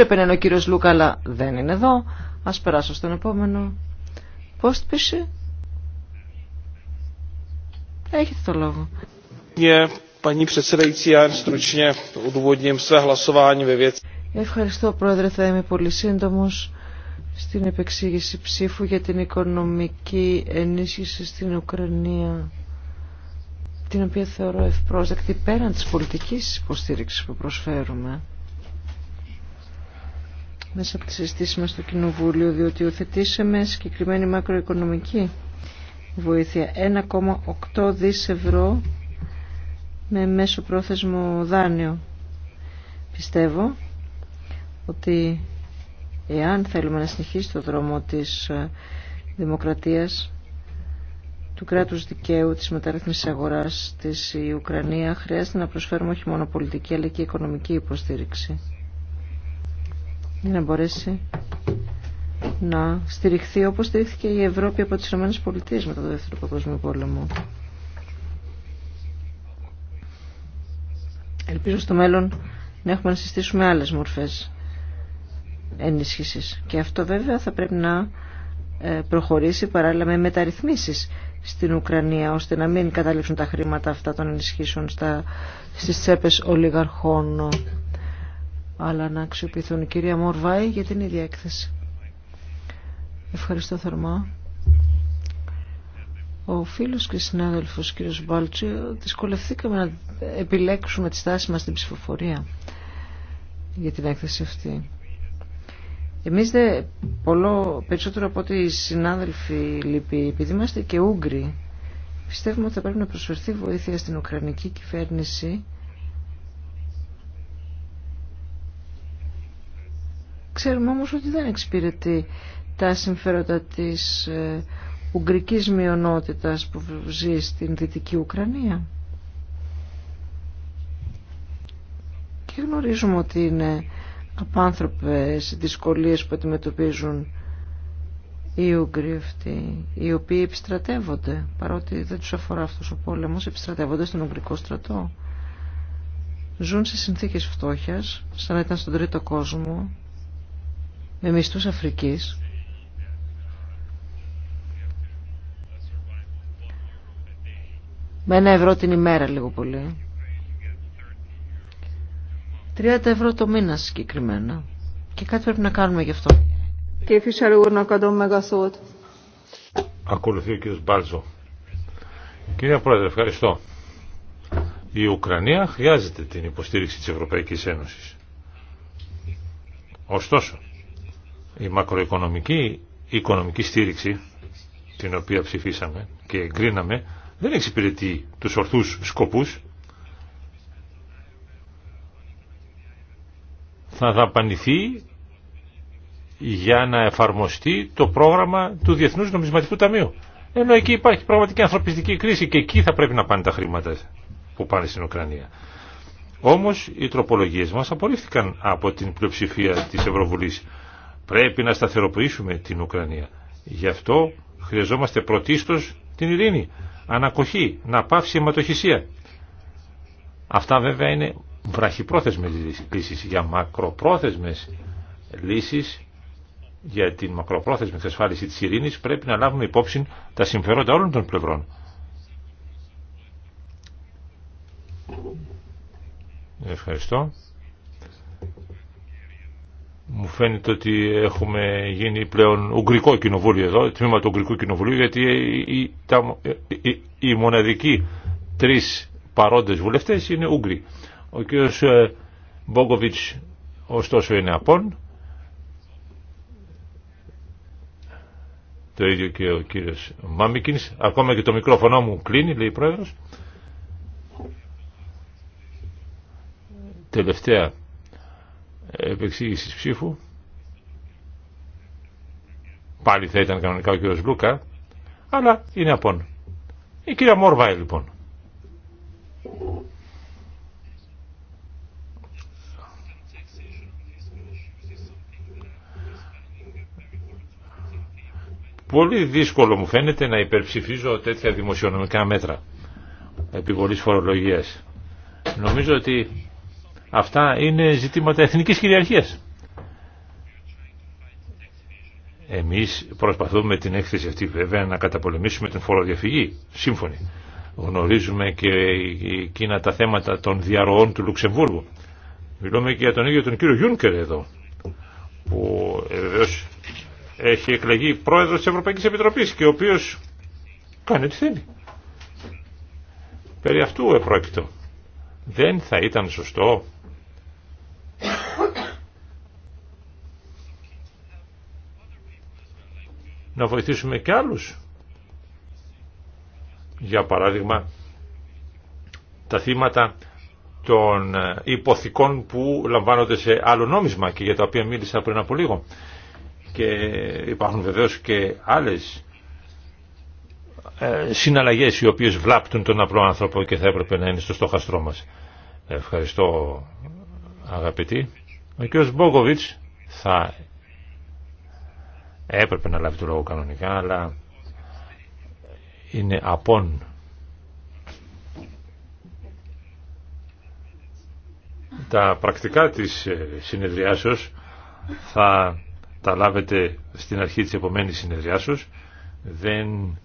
έπρεπε να είναι ο κύριος Λούκα, αλλά δεν είναι εδώ. Ας περάσω στον επόμενο. Πώς πήσε. Έχετε το λόγο. Ευχαριστώ πρόεδρε, θα είμαι πολύ σύντομο στην επεξήγηση ψήφου για την οικονομική ενίσχυση στην Ουκρανία την οποία θεωρώ ευπρόσδεκτη πέραν της πολιτικής υποστήριξης που προσφέρουμε μέσα από τις συζητήσεις μας στο Κοινοβούλιο διότι οθετήσαμε συγκεκριμένη μακροοικονομική βοήθεια 1,8 δις ευρώ με μέσο πρόθεσμο δάνειο. Πιστεύω ότι εάν θέλουμε να συνεχίσει το δρόμο της ε, δημοκρατίας του κράτους δικαίου, της μεταρρύθμισης αγοράς της Ουκρανία χρειάζεται να προσφέρουμε όχι μόνο πολιτική αλλά και οικονομική υποστήριξη για να μπορέσει να στηριχθεί όπως στηρίχθηκε η Ευρώπη από τις ΗΠΑ μετά το Δεύτερο Παγκόσμιο Πόλεμο. Ελπίζω στο μέλλον να έχουμε να συστήσουμε άλλες μορφές ενίσχυσης. Και αυτό βέβαια θα πρέπει να ε, προχωρήσει παράλληλα με μεταρρυθμίσεις στην Ουκρανία ώστε να μην καταλήξουν τα χρήματα αυτά των ενισχύσεων στα, στις τσέπες ολιγαρχών αλλά να αξιοποιηθούν. Η κυρία Μορβάη για την ίδια έκθεση. Ευχαριστώ θερμά. Ο φίλος και συνάδελφος κύριος Μπάλτση δυσκολευθήκαμε να επιλέξουμε τη στάση μας στην ψηφοφορία για την έκθεση αυτή. Εμείς δε πολλό περισσότερο από ό,τι οι συνάδελφοι λυπή, επειδή είμαστε και Ούγγροι, πιστεύουμε ότι θα πρέπει να προσφερθεί βοήθεια στην Ουκρανική κυβέρνηση Ξέρουμε όμως ότι δεν εξυπηρετεί τα συμφέροντα της ε, ουγγρικής μειονότητας που ζει στην Δυτική Ουκρανία. Και γνωρίζουμε ότι είναι απάνθρωπες οι δυσκολίες που αντιμετωπίζουν οι Ούγγροι οι οποίοι επιστρατεύονται, παρότι δεν τους αφορά αυτός ο πόλεμος, επιστρατεύονται στον Ουγγρικό στρατό. Ζουν σε συνθήκες φτώχειας, σαν να ήταν στον τρίτο κόσμο, με μισθούς Αφρικής με ένα ευρώ την ημέρα λίγο πολύ 30 ευρώ το μήνα συγκεκριμένα και κάτι πρέπει να κάνουμε γι' αυτό Ακολουθεί ο κ. Μπάλζο Κυρία Πρόεδρε, ευχαριστώ. Η Ουκρανία χρειάζεται την υποστήριξη της Ευρωπαϊκής Ένωσης. Ωστόσο, η μακροοικονομική οικονομική στήριξη, την οποία ψηφίσαμε και εγκρίναμε, δεν εξυπηρετεί τους ορθούς σκοπούς. Θα δαπανηθεί για να εφαρμοστεί το πρόγραμμα του Διεθνούς Νομισματικού Ταμείου. Ενώ εκεί υπάρχει πραγματική ανθρωπιστική κρίση και εκεί θα πρέπει να πάνε τα χρήματα που πάνε στην Ουκρανία. Όμως οι τροπολογίες μας απορρίφθηκαν από την πλειοψηφία της Ευρωβουλής. Πρέπει να σταθεροποιήσουμε την Ουκρανία. Γι' αυτό χρειαζόμαστε πρωτίστως την ειρήνη, ανακοχή, να πάψει η αιματοχυσία. Αυτά βέβαια είναι βραχυπρόθεσμες λύσεις για μακροπρόθεσμες λύσεις για την μακροπρόθεσμη εξασφάλιση της ειρήνης πρέπει να λάβουμε υπόψη τα συμφερόντα όλων των πλευρών. Ευχαριστώ. Μου φαίνεται ότι έχουμε γίνει πλέον Ουγγρικό Κοινοβούλιο εδώ, τμήμα του Ουγγρικού Κοινοβουλίου, γιατί οι, οι, οι μοναδικοί τρεις παρόντες βουλευτές είναι Ούγγροι. Ο κ. Ε, Μπόγκοβιτς ωστόσο είναι απόν. Το ίδιο και ο κύριος Μάμικινς. Ακόμα και το μικρόφωνο μου κλείνει, λέει η πρόεδρος. Τελευταία επεξήγησης ψήφου. Πάλι θα ήταν κανονικά ο κύριος Λούκα, αλλά είναι απόν. Η κυρία Μόρβαη λοιπόν. Πολύ δύσκολο μου φαίνεται να υπερψηφίζω τέτοια δημοσιονομικά μέτρα επιβολής φορολογίας. Νομίζω ότι Αυτά είναι ζητήματα εθνικής κυριαρχίας. Εμείς προσπαθούμε την έκθεση αυτή βέβαια να καταπολεμήσουμε την φοροδιαφυγή. Σύμφωνοι. Γνωρίζουμε και εκείνα τα θέματα των διαρροών του Λουξεμβούργου. Μιλούμε και για τον ίδιο τον κύριο Γιούνκερ εδώ, που ε, βεβαίω έχει εκλεγεί πρόεδρος της Ευρωπαϊκής Επιτροπής και ο οποίος κάνει ό,τι θέλει. Περί αυτού επρόκειτο. Δεν θα ήταν σωστό να βοηθήσουμε και άλλους. Για παράδειγμα, τα θύματα των ε, υποθηκών που λαμβάνονται σε άλλο νόμισμα και για τα οποία μίλησα πριν από λίγο. Και υπάρχουν βεβαίως και άλλες ε, συναλλαγές οι οποίες βλάπτουν τον απλό άνθρωπο και θα έπρεπε να είναι στο στόχαστρό μας. Ευχαριστώ αγαπητοί. Ο κ. Μπόγκοβιτς θα έπρεπε να λάβει το λόγο κανονικά αλλά είναι απόν τα πρακτικά της ε, συνεδριάσεως θα τα λάβετε στην αρχή της επομένης συνεδριάσεως δεν